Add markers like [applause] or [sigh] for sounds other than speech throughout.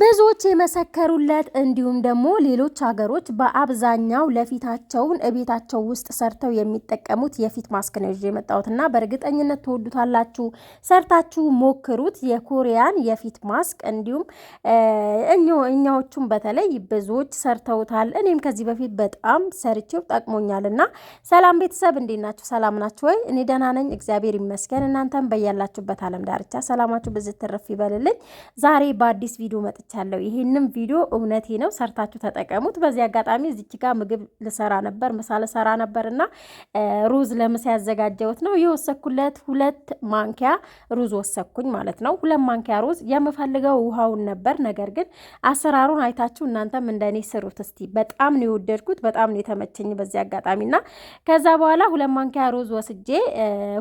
ብዙዎች የመሰከሩለት እንዲሁም ደግሞ ሌሎች ሀገሮች በአብዛኛው ለፊታቸውን እቤታቸው ውስጥ ሰርተው የሚጠቀሙት የፊት ማስክ ነው ይዤ የመጣሁት እና በእርግጠኝነት ትወዱታላችሁ። ሰርታችሁ ሞክሩት የኮሪያን የፊት ማስክ። እንዲሁም እኛዎቹም በተለይ ብዙዎች ሰርተውታል። እኔም ከዚህ በፊት በጣም ሰርቼው ጠቅሞኛል እና ሰላም ቤተሰብ፣ እንዴት ናችሁ? ሰላም ናችሁ ወይ? እኔ ደህና ነኝ እግዚአብሔር ይመስገን። እናንተም በያላችሁበት አለም ዳርቻ ሰላማችሁ ብዝትርፍ ይበልልኝ። ዛሬ በአዲስ ቪዲዮ መጥ ሰጥቻለሁ። ይህንም ቪዲዮ እውነቴ ነው፣ ሰርታችሁ ተጠቀሙት። በዚህ አጋጣሚ እዚች ጋር ምግብ ልሰራ ነበር፣ ምሳ ልሰራ ነበር እና ሩዝ ለምሳ ያዘጋጀሁት ነው። የወሰኩለት ሁለት ማንኪያ ሩዝ ወሰኩኝ ማለት ነው። ሁለት ማንኪያ ሩዝ የምፈልገው ውሃውን ነበር። ነገር ግን አሰራሩን አይታችሁ እናንተም እንደኔ ስሩት እስቲ። በጣም ነው የወደድኩት፣ በጣም ነው የተመቸኝ በዚህ አጋጣሚ እና ከዛ በኋላ ሁለት ማንኪያ ሩዝ ወስጄ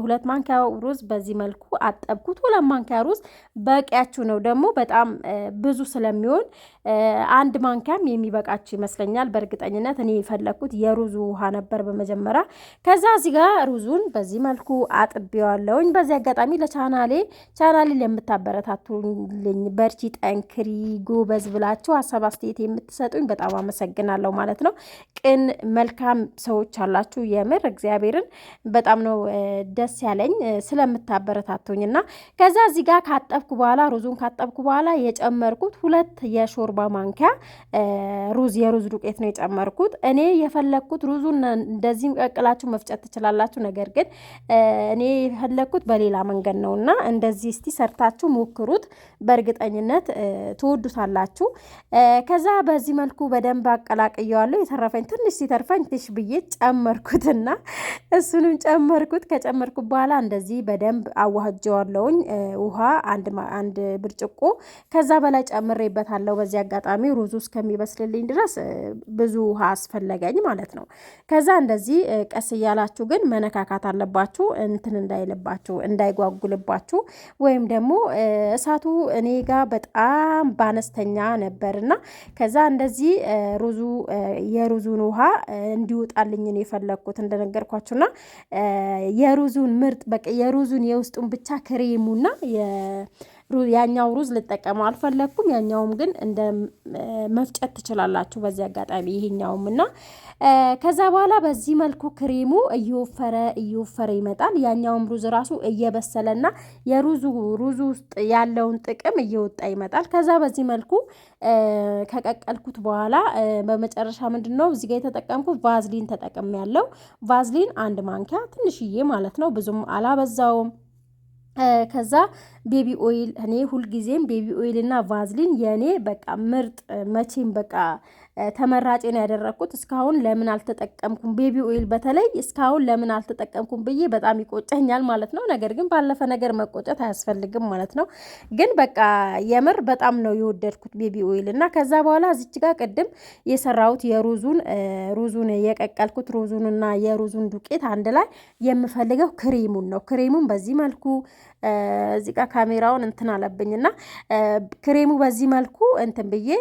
ሁለት ማንኪያ ሩዝ በዚህ መልኩ አጠብኩት። ሁለት ማንኪያ ሩዝ በቂያችሁ ነው። ደግሞ በጣም ብዙ ስለሚሆን አንድ ማንኪያም የሚበቃችሁ ይመስለኛል። በእርግጠኝነት እኔ የፈለግኩት የሩዙ ውሃ ነበር በመጀመሪያ። ከዛ እዚህ ጋር ሩዙን በዚህ መልኩ አጥቤዋለሁኝ። በዚህ አጋጣሚ ለቻናሌ ቻናሌ ለምታበረታቱልኝ በርቺ፣ ጠንክሪ፣ ጎበዝ ብላችሁ ሀሳብ አስተያየት የምትሰጡኝ በጣም አመሰግናለሁ ማለት ነው። ቅን መልካም ሰዎች አላችሁ። የምር እግዚአብሔርን በጣም ነው ደስ ያለኝ ስለምታበረታቱኝ እና ከዛ እዚህ ጋር ካጠብኩ በኋላ ሩዙን ካጠብኩ በኋላ የጨመርኩት ሁለት የሾርባ ማንኪያ ሩዝ የሩዝ ዱቄት ነው የጨመርኩት። እኔ የፈለግኩት ሩዙን እንደዚህም ቀቅላችሁ መፍጨት ትችላላችሁ። ነገር ግን እኔ የፈለግኩት በሌላ መንገድ ነው እና እንደዚህ እስቲ ሰርታችሁ ሞክሩት። በእርግጠኝነት ትወዱታላችሁ። ከዛ በዚህ መልኩ በደንብ አቀላቅየዋለሁ። የተረፈኝ ትንሽ ሲተርፈኝ ትሽ ብዬ ጨመርኩትና እሱንም ጨመርኩት። ከጨመርኩት በኋላ እንደዚህ በደንብ አዋህጀዋለውኝ ውሃ አንድ ብርጭቆ ከዛ በላይ ጨምሬበታለሁ። በዚህ አጋጣሚ ሩዙ እስከሚበስልልኝ ድረስ ብዙ ውሃ አስፈለገኝ ማለት ነው። ከዛ እንደዚህ ቀስ እያላችሁ ግን መነካካት አለባችሁ፣ እንትን እንዳይልባችሁ፣ እንዳይጓጉልባችሁ ወይም ደግሞ እሳቱ እኔ ጋ በጣም በአነስተኛ ነበርና ከዛ እንደዚህ ሩዙ የሩዙን ውሃ እንዲወጣልኝ ነው የፈለግኩት እንደነገርኳችሁና የሩዙን ምርጥ በቃ የሩዙን የውስጡን ብቻ ክሬሙና ያኛው ሩዝ ልጠቀመው አልፈለግኩም። ያኛውም ግን እንደ መፍጨት ትችላላችሁ በዚህ አጋጣሚ ይሄኛውም እና ከዛ በኋላ በዚህ መልኩ ክሬሙ እየወፈረ እየወፈረ ይመጣል። ያኛውም ሩዝ ራሱ እየበሰለ እና የሩዙ ሩዙ ውስጥ ያለውን ጥቅም እየወጣ ይመጣል። ከዛ በዚህ መልኩ ከቀቀልኩት በኋላ በመጨረሻ ምንድን ነው እዚህ ጋር የተጠቀምኩት ቫዝሊን ተጠቅም ያለው ቫዝሊን አንድ ማንኪያ ትንሽዬ ማለት ነው፣ ብዙም አላበዛውም። ከዛ ቤቢ ኦይል እኔ ሁልጊዜም ቤቢ ኦይል እና ቫዝሊን የእኔ በቃ ምርጥ መቼም በቃ ተመራጭ ነው ያደረግኩት። እስካሁን ለምን አልተጠቀምኩም ቤቢ ኦይል በተለይ እስካሁን ለምን አልተጠቀምኩም ብዬ በጣም ይቆጨኛል ማለት ነው። ነገር ግን ባለፈ ነገር መቆጨት አያስፈልግም ማለት ነው። ግን በቃ የምር በጣም ነው የወደድኩት ቤቢ ኦይል እና ከዛ በኋላ እዚች ጋር ቅድም የሰራሁት የሩዙን ሩዙን የቀቀልኩት ሩዙንና የሩዙን ዱቄት አንድ ላይ የምፈልገው ክሬሙን ነው። ክሬሙን በዚህ መልኩ እዚህ ጋር ካሜራውን እንትን እና ክሬሙ በዚህ መልኩ እንትን ብዬ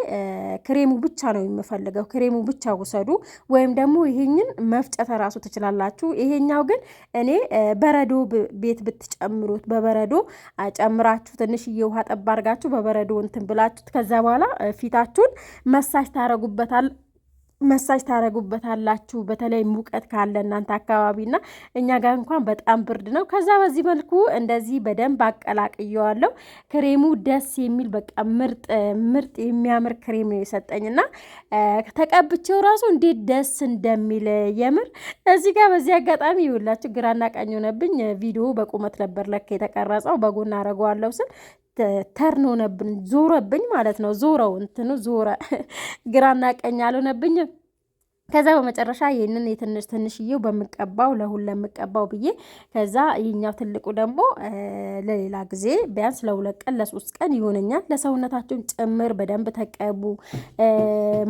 ክሬሙ ብቻ ነው የምፈልገው። ክሬሙ ብቻ ውሰዱ፣ ወይም ደግሞ ይሄኝን መፍጨት ራሱ ትችላላችሁ። ይሄኛው ግን እኔ በረዶ ቤት ብትጨምሩት በበረዶ ጨምራችሁ ትንሽዬ ውሃ ጠብ አድርጋችሁ በበረዶ እንትን ብላችሁ ከዛ በኋላ ፊታችሁን መሳጅ ታረጉበታል መሳጅ ታደረጉበታላችሁ። በተለይ ሙቀት ካለ እናንተ አካባቢና እኛ ጋር እንኳን በጣም ብርድ ነው። ከዛ በዚህ መልኩ እንደዚህ በደንብ አቀላቅየዋለሁ። ክሬሙ ደስ የሚል በቃ ምርጥ ምርጥ የሚያምር ክሬም ነው የሰጠኝና ተቀብቼው ራሱ እንዴት ደስ እንደሚል የምር እዚህ ጋር በዚህ አጋጣሚ ይውላችሁ ግራና ቀኝ ሆነብኝ። ቪዲዮ በቁመት ነበር ለካ የተቀረጸው በጎን አረገዋለሁ ስል ተርን ሆነብን ዞረብኝ ማለት ነው። ዞረው እንትኑ ዞረ [laughs] ግራና ቀኝ አልሆነብኝም። ከዛ በመጨረሻ ይህንን የትንሽ ትንሽዬው በምቀባው ለሁን ለምቀባው ብዬ ከዛ ይህኛው ትልቁ ደግሞ ለሌላ ጊዜ ቢያንስ ለሁለት ቀን ለሶስት ቀን ይሆነኛል። ለሰውነታችሁን ጭምር በደንብ ተቀቡ፣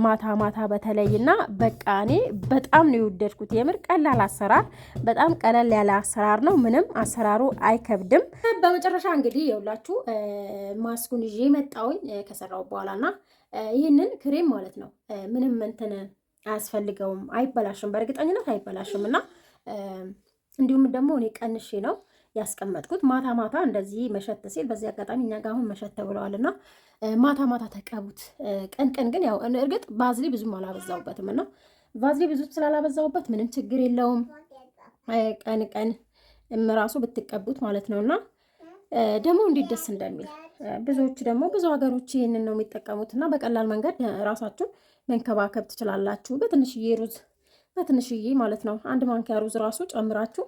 ማታ ማታ በተለይ ና በቃ እኔ በጣም ነው የወደድኩት። የምር ቀላል አሰራር፣ በጣም ቀለል ያለ አሰራር ነው። ምንም አሰራሩ አይከብድም። በመጨረሻ እንግዲህ የውላችሁ ማስኩን ይዤ መጣውኝ ከሰራው በኋላ ና ይህንን ክሬም ማለት ነው ምንም እንትን አያስፈልገውም፣ አይበላሽም። በእርግጠኝነት አይበላሽም እና እንዲሁም ደግሞ እኔ ቀንሼ ነው ያስቀመጥኩት። ማታ ማታ እንደዚህ መሸት ሲል በዚህ አጋጣሚ እኛ ጋር አሁን መሸት ብለዋል እና ማታ ማታ ተቀቡት። ቀን ቀን ግን ያው እርግጥ ባዝሊ ብዙም አላበዛውበትም እና ባዝሊ ብዙ ስላላበዛውበት ምንም ችግር የለውም። ቀን ቀን እራሱ ብትቀቡት ማለት ነው እና ደግሞ እንዴት ደስ እንደሚል ብዙዎች ደግሞ ብዙ ሀገሮች ይህንን ነው የሚጠቀሙት እና በቀላል መንገድ ራሳችሁ መንከባከብ ትችላላችሁ። በትንሽዬ ሩዝ በትንሽዬ ማለት ነው አንድ ማንኪያ ሩዝ ራሱ ጨምራችሁ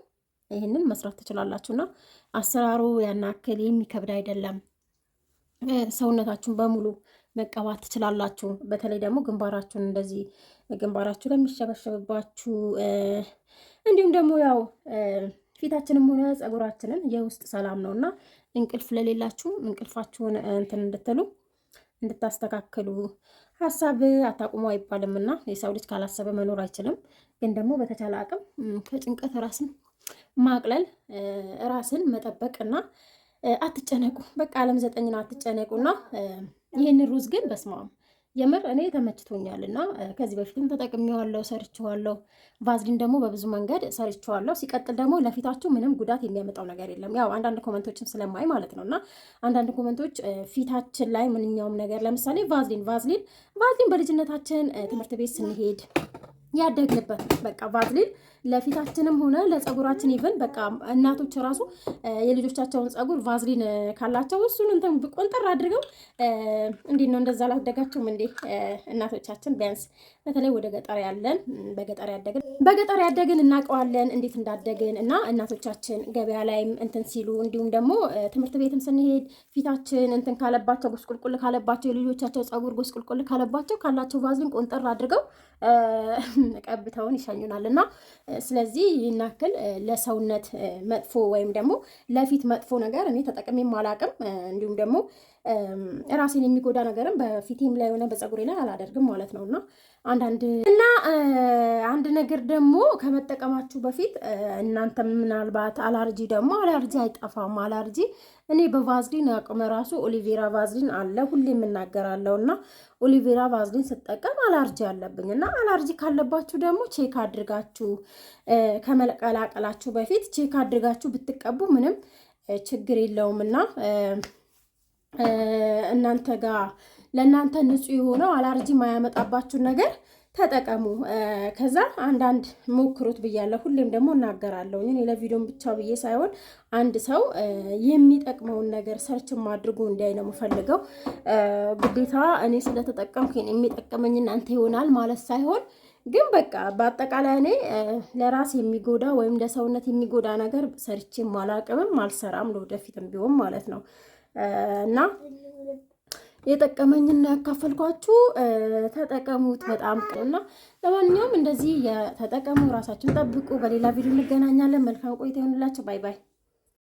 ይህንን መስራት ትችላላችሁና አሰራሩ ያናክል የሚከብድ አይደለም። ሰውነታችሁን በሙሉ መቀባት ትችላላችሁ። በተለይ ደግሞ ግንባራችሁን እንደዚህ ግንባራችሁ ለሚሸበሸብባችሁ እንዲሁም ደግሞ ያው ፊታችንም ሆነ ፀጉራችንን የውስጥ ሰላም ነው እና እንቅልፍ ለሌላችሁ እንቅልፋችሁን እንትን እንድትሉ እንድታስተካክሉ ሀሳብ አታቁሙ አይባልም እና የሰው ልጅ ካላሰበ መኖር አይችልም። ግን ደግሞ በተቻለ አቅም ከጭንቀት ራስን ማቅለል፣ ራስን መጠበቅ እና አትጨነቁ። በቃ አለም ዘጠኝ ነው አትጨነቁ እና ይህን ሩዝ ግን በስማም የምር እኔ ተመችቶኛል እና ከዚህ በፊትም ተጠቅሜዋለሁ፣ ሰርችዋለሁ። ቫዝሊን ደግሞ በብዙ መንገድ ሰርችዋለሁ። ሲቀጥል ደግሞ ለፊታችሁ ምንም ጉዳት የሚያመጣው ነገር የለም። ያው አንዳንድ ኮመንቶችን ስለማይ ማለት ነው እና አንዳንድ ኮመንቶች ፊታችን ላይ ምንኛውም ነገር ለምሳሌ ቫዝሊን ቫዝሊን ቫዝሊን በልጅነታችን ትምህርት ቤት ስንሄድ ያደግንበት በቃ ቫዝሊን ለፊታችንም ሆነ ለፀጉራችን ይብን በቃ እናቶች ራሱ የልጆቻቸውን ፀጉር ቫዝሊን ካላቸው እሱን እንትን ብቆንጠር አድርገው እንዲ ነው እንደዛ አላደጋችሁም እንዴ እናቶቻችን ቢያንስ በተለይ ወደ ገጠር ያለን በገጠር ያደግን በገጠር ያደግን እናውቀዋለን እንዴት እንዳደግን እና እናቶቻችን ገበያ ላይም እንትን ሲሉ እንዲሁም ደግሞ ትምህርት ቤትም ስንሄድ ፊታችን እንትን ካለባቸው ጉስቁልቁል ካለባቸው የልጆቻቸው ጸጉር ጉስቁልቁል ካለባቸው ካላቸው ቫዝሊን ቆንጠር አድርገው [laughs] ቀብተውን ይሸኙናል እና ስለዚህ ይህን ያክል ለሰውነት መጥፎ ወይም ደግሞ ለፊት መጥፎ ነገር እኔ ተጠቅሜም አላቅም እንዲሁም ደግሞ ራሴን የሚጎዳ ነገርም በፊቴም ላይ ሆነ በጸጉሬ ላይ አላደርግም ማለት ነው እና አንዳንድ እና አንድ ነገር ደግሞ ከመጠቀማችሁ በፊት እናንተ ምናልባት አላርጂ ደግሞ አላርጂ አይጠፋም። አላርጂ እኔ በቫዝሊን አቅመ ራሱ ኦሊቬራ ቫዝሊን አለ ሁሌ የምናገራለው እና ኦሊቬራ ቫዝሊን ስጠቀም አላርጂ አለብኝ እና አላርጂ ካለባችሁ ደግሞ ቼክ አድርጋችሁ ከመቀላቀላችሁ በፊት ቼክ አድርጋችሁ ብትቀቡ ምንም ችግር የለውም እና እናንተ ጋር ለእናንተ ንጹህ የሆነው አላርጂ ማያመጣባችሁን ነገር ተጠቀሙ። ከዛ አንዳንድ ሞክሩት ብያለሁ። ሁሌም ደግሞ እናገራለሁ እኔ ለቪዲዮም ብቻ ብዬ ሳይሆን አንድ ሰው የሚጠቅመውን ነገር ሰርች ማድርጉ እንዲያይ ነው የምፈልገው። ግዴታ እኔ ስለተጠቀምኩ የሚጠቀመኝ እናንተ ይሆናል ማለት ሳይሆን ግን በቃ በአጠቃላይ እኔ ለራስ የሚጎዳ ወይም ለሰውነት የሚጎዳ ነገር ሰርቼም አላቅምም አልሰራም፣ ለወደፊትም ቢሆን ማለት ነው እና የጠቀመኝና ያካፈልኳችሁ ተጠቀሙት። በጣም እና ለማንኛውም እንደዚህ የተጠቀሙ ራሳችን ጠብቁ። በሌላ ቪዲዮ እንገናኛለን። መልካም ቆይታ ይሆንላቸው ባይ ባይ።